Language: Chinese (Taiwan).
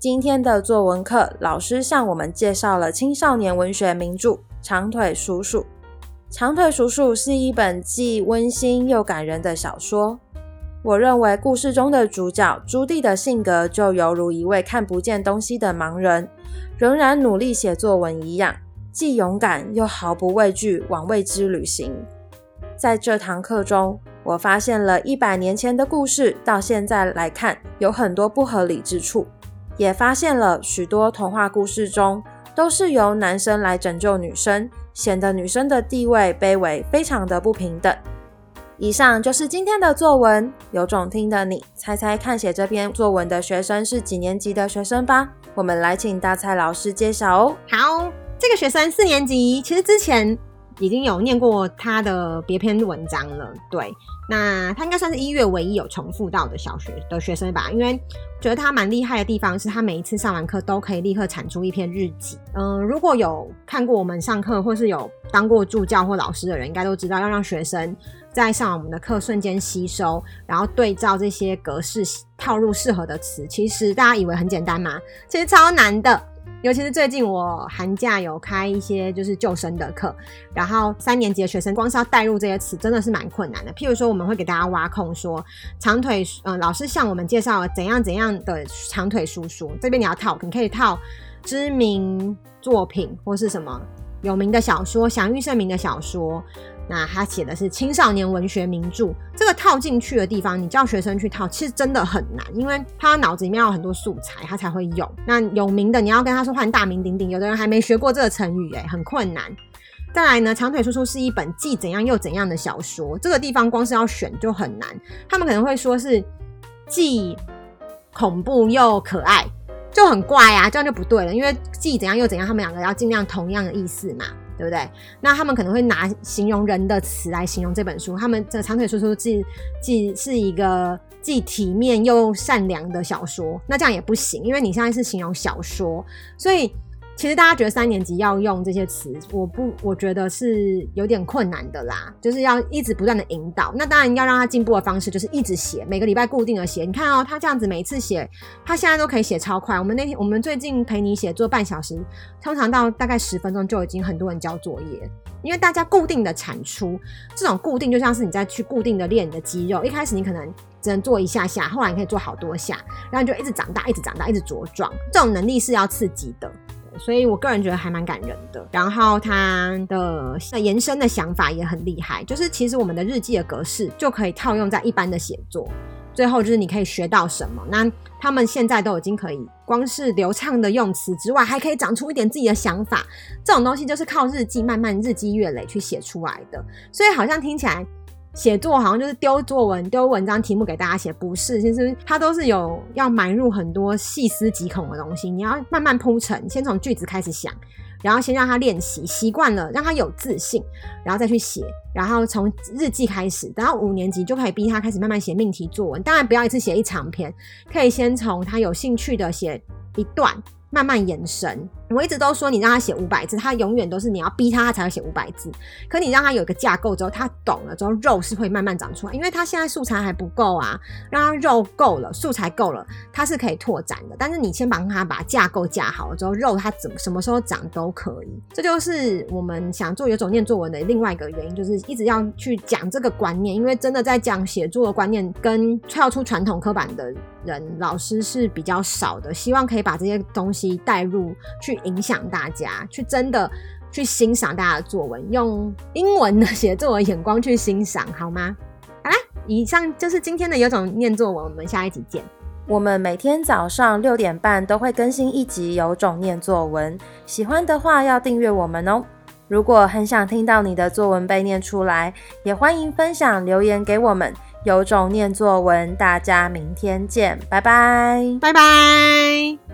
今天的作文課，老師向我們介紹了青少年文學名著《長腿叔叔》。《長腿叔叔》是一本既溫馨又感人的小說。我認為故事中的主角朱蒂的性格就猶如一位看不見東西的盲人，仍然努力寫作文一樣，既勇敢又毫不畏懼往未知旅行。在這堂課中，我發現了一百年前的故事到現在來看有很多不合理之處。也發現了許多童話故事中都是由男生來拯救女生，顯得女生的地位卑微，非常的不平等。以上就是今天的作文，有種聽的你猜猜看，寫這篇作文的學生是幾年級的學生吧？我們來請大蔡老師揭曉哦。好，這個學生四年級，其實之前。已經有念過他的別篇文章了，對，那他應該算是一月唯一有重複到的小學的學生吧，因為覺得他蠻厲害的地方是，他每一次上完課都可以立刻產出一篇日記。嗯、呃，如果有看過我們上課，或是有當過助教或老師的人，應該都知道，要讓學生在上我們的課瞬間吸收，然後對照這些格式套入適合的詞，其實大家以為很簡單嘛，其實超難的。尤其是最近我寒假有開一些就是救生的課，然後三年級的學生光是要帶入這些詞，真的是蠻困難的。譬如說，我們會給大家挖空說，長腿，嗯，老師向我們介紹了怎樣怎樣的長腿叔叔。這邊你要套，你可以套知名作品或是什麼。有名的小說，享譽盛名的小說，那他寫的是青少年文學名著。這個套進去的地方，你叫學生去套，其實真的很難，因為他腦子裡面要有很多素材，他才會用。那有名的，你要跟他說換大名鼎鼎，有的人還沒學過這個成語，欸，哎，很困難。再來呢，長腿叔叔是一本既怎樣又怎樣的小說，這個地方光是要選就很難。他們可能會說是既恐怖又可愛。就很怪呀，啊，這樣就不對了，因為既怎樣又怎樣，他們兩個要盡量同樣的意思嘛，對不對？那他們可能會拿形容人的詞來形容這本書，他們這長腿叔叔既既是一個既體面又善良的小說，那這樣也不行，因為你現在是形容小說，所以。其實大家覺得三年級要用這些詞，我不，我覺得是有點困難的啦，就是要一直不斷的引導。那當然要讓他進步的方式就是一直寫，每個禮拜固定的寫。你看哦，他這樣子每次寫，他現在都可以寫超快。我們那天我們最近陪你寫作半小時，通常到大概十分鐘就已經很多人交作業，因為大家固定的產出，這種固定就像是你在去固定的練你的肌肉。一開始你可能只能做一下下，後來你可以做好多下，然後你就一直長大，一直長大，一直茁壯。這種能力是要刺激的。所以，我個人覺得還蠻感人的。然後，他的那延伸的想法也很厲害，就是其實我們的日記的格式就可以套用在一般的寫作。最後，就是你可以學到什麼？那他們現在都已經可以，光是流暢的用詞之外，還可以長出一點自己的想法。這種東西就是靠日記慢慢日積月累去寫出來的。所以，好像聽起來。寫作好像就是丟作文、丟文章題目給大家寫，不是，其實它都是有要埋入很多細思極恐的東西。你要慢慢鋪陳，先從句子開始想，然後先讓他練習，習慣了讓他有自信，然後再去寫。然後從日記開始，等到五年級就可以逼他開始慢慢寫命題作文。當然不要一次寫一長篇，可以先從他有興趣的寫一段，慢慢延伸。我一直都說，你讓他寫五百字，他永遠都是你要逼他，他才會寫五百字。可你讓他有一個架構之後，他懂了之後，肉是會慢慢長出來，因為他現在素材還不夠啊。讓他肉夠了，素材夠了，他是可以拓展的。但是你先幫他把架構架好了之後，肉他怎麼什麼時候長都可以。這就是我們想做有種念作文的另外一個原因，就是一直要去講這個觀念，因為真的在講寫作的觀念跟跳出傳統刻板的人，老師是比較少的。希望可以把這些東西帶入去。影響大家去真的去欣賞大家的作文，用英文的寫作文眼光去欣賞，好嗎？好啦，以上就是今天的有種念作文，我們下一集見。我們每天早上六點半都會更新一集有種念作文，喜歡的話要訂閱我們哦。如果很想聽到你的作文被念出來，也歡迎分享留言給我們。有種念作文，大家明天見，拜拜，拜拜。